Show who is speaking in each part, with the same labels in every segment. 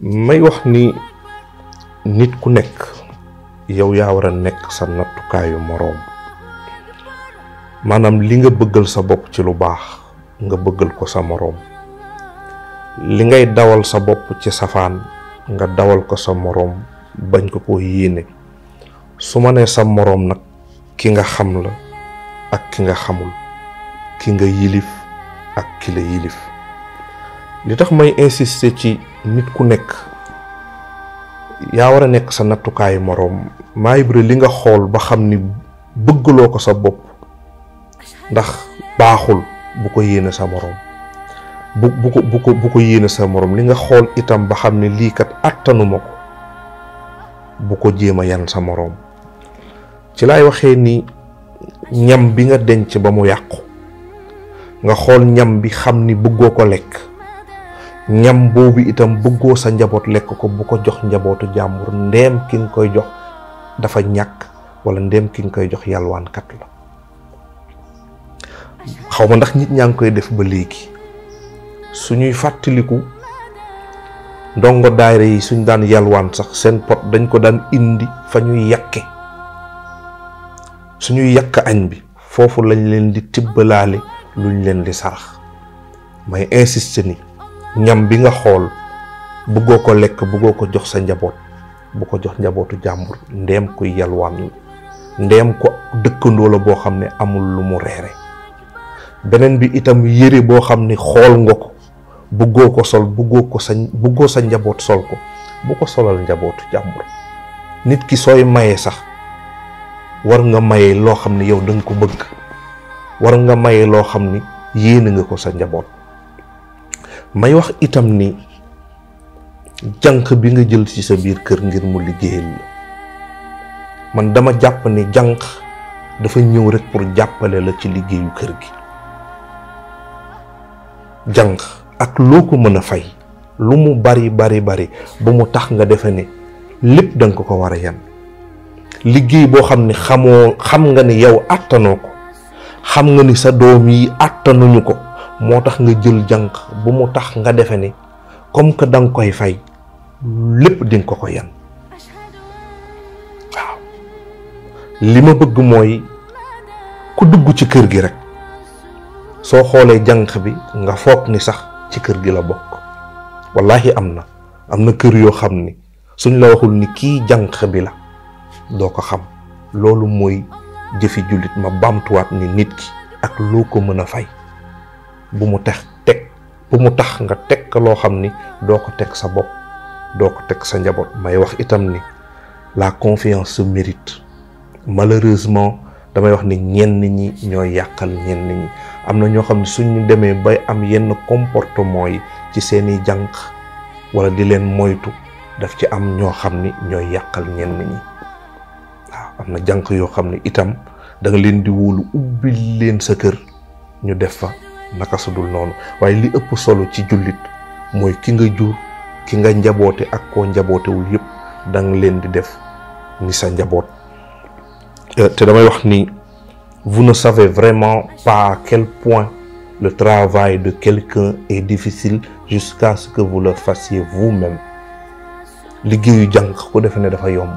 Speaker 1: may wax ni nit ku nekk yow yaa war a nekk sa nattukaayu moroom maanaam li nga bëggal sa bopp ci lu baax nga bëggal ko sa li ngay dawal sa bopp ci safaan nga dawal ko sa moroom bañ ko ko yéene su ma nee sa moroom nag ki nga xam la ak ki nga xamul ki nga yilif ak ki la yilif li tax may insister ci nit ku nekk yaa war a nekk sa nattukaayu morom maa ibra li nga xool ba xam ni bëggloo ko sa bopp ndax baaxul bu ko yéene sa morom bu bu ko bu ko bu ko yéene sa morom li nga xool itam ba xam ne lii kat attanuma ko bu ko yan sa morom ci laay waxee ni ñam bi nga denc ba mu yàqu nga xool ñam bi xam ni bëggoo ko lekk ñam boobu itam bëggoo sa njaboot lekk ko bu ko jox njabootu jàmbur ndeem ki nga koy jox dafa ñàkk walla ndeem ki nga koy jox yàlwaankat la xaw ma ndax nit ñaa ngi koy def ba léegi su ñuy fàttaliku ndongo daayira yi suñ daan yalwaan sax seen pot dañ ko daan indi fa ñuy yàkke suñuy yàkk añ bi foofu lañ leen di tibbalaale luñ leen di sarax may insister ni ñam bi nga xool bëggoo ko lekk bëggoo ko jox sa njaboot bu ko jox njabootu jàmbur ndeem kuy yalwaan ndeem ko dëkkandoo la boo xam ne amul lu mu reere beneen bi itam yére boo xam ne xool nga ko bëggoo ko sol bëggoo ko sa bëggoo sa njaboot sol ko bu ko solal njabootu jàmbur nit ki sooy mayee sax war nga maye loo xam ne yow danga ko bëgg war nga maye loo xam ni yéene nga ko sa njaboot may wax itam ni jank bi nga jël ci sa biir kër ngir mu liggéeyal la man dama jàpp ni jank dafa ñëw rek pour jàppale la ci liggéeyu kër gi jank ak loo ko mën a fay lu mu bari bari bari ba mu tax nga defe ne lépp dang ko ko war a yan liggéey boo xam xamoo xam nga ni yow àttanoo ko xam nga ni sa doom yi ko motax nga jël jank bu mu tax nga defe ni comme que dang koy fay lepp ding ko ko yan lima bëgg moy ku dugg ci kër gi rek so xolé jank bi nga fokk ni sax ci kër gi la bok wallahi amna amna kër yo xamni suñ la waxul ni ki jank bi la do ko xam lolu moy jëfi julit ma bam ni nit ki ak loko ko fay bu mu tax tek bu mu tax nga tek lo xamni do tek ko tek sa bop do ko tek sa njabot may wax itam ni la confiance se mérite malheureusement damay wax ni ñenn ñi ñoy yakal ñen ñi am ño xamni suñu démé bay am yenn comportement yi ci seeni jank wala di len moytu daf ci am ño xamni ñoy yakal ñen ñi waaw am na itam da nga len di wolu ubbil len sa kër ñu def fa naka sudul noonu waaye li ëpp solo ci jullit mooy ki nga jur ki nga njaboote ak koo njabootewul yëpp da nga leen di def ni sa njaboot euh, te damay wax ni vous ne savez vraiment pas à quel point le travail de quelqu'un est difficile jusqu'à ce que vous le fassiez vous-même liggéeyu jànq ku defe ne dafa yomb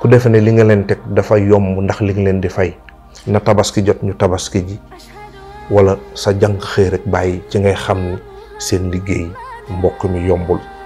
Speaker 1: ku defe ne li nga leen teg dafa yomb ndax li nga leen di fay na tabaski jot ñu tabaski ji wala sa jànq xëy bàyyi ci ngay xam ni seen liggéey mbokk mi yombul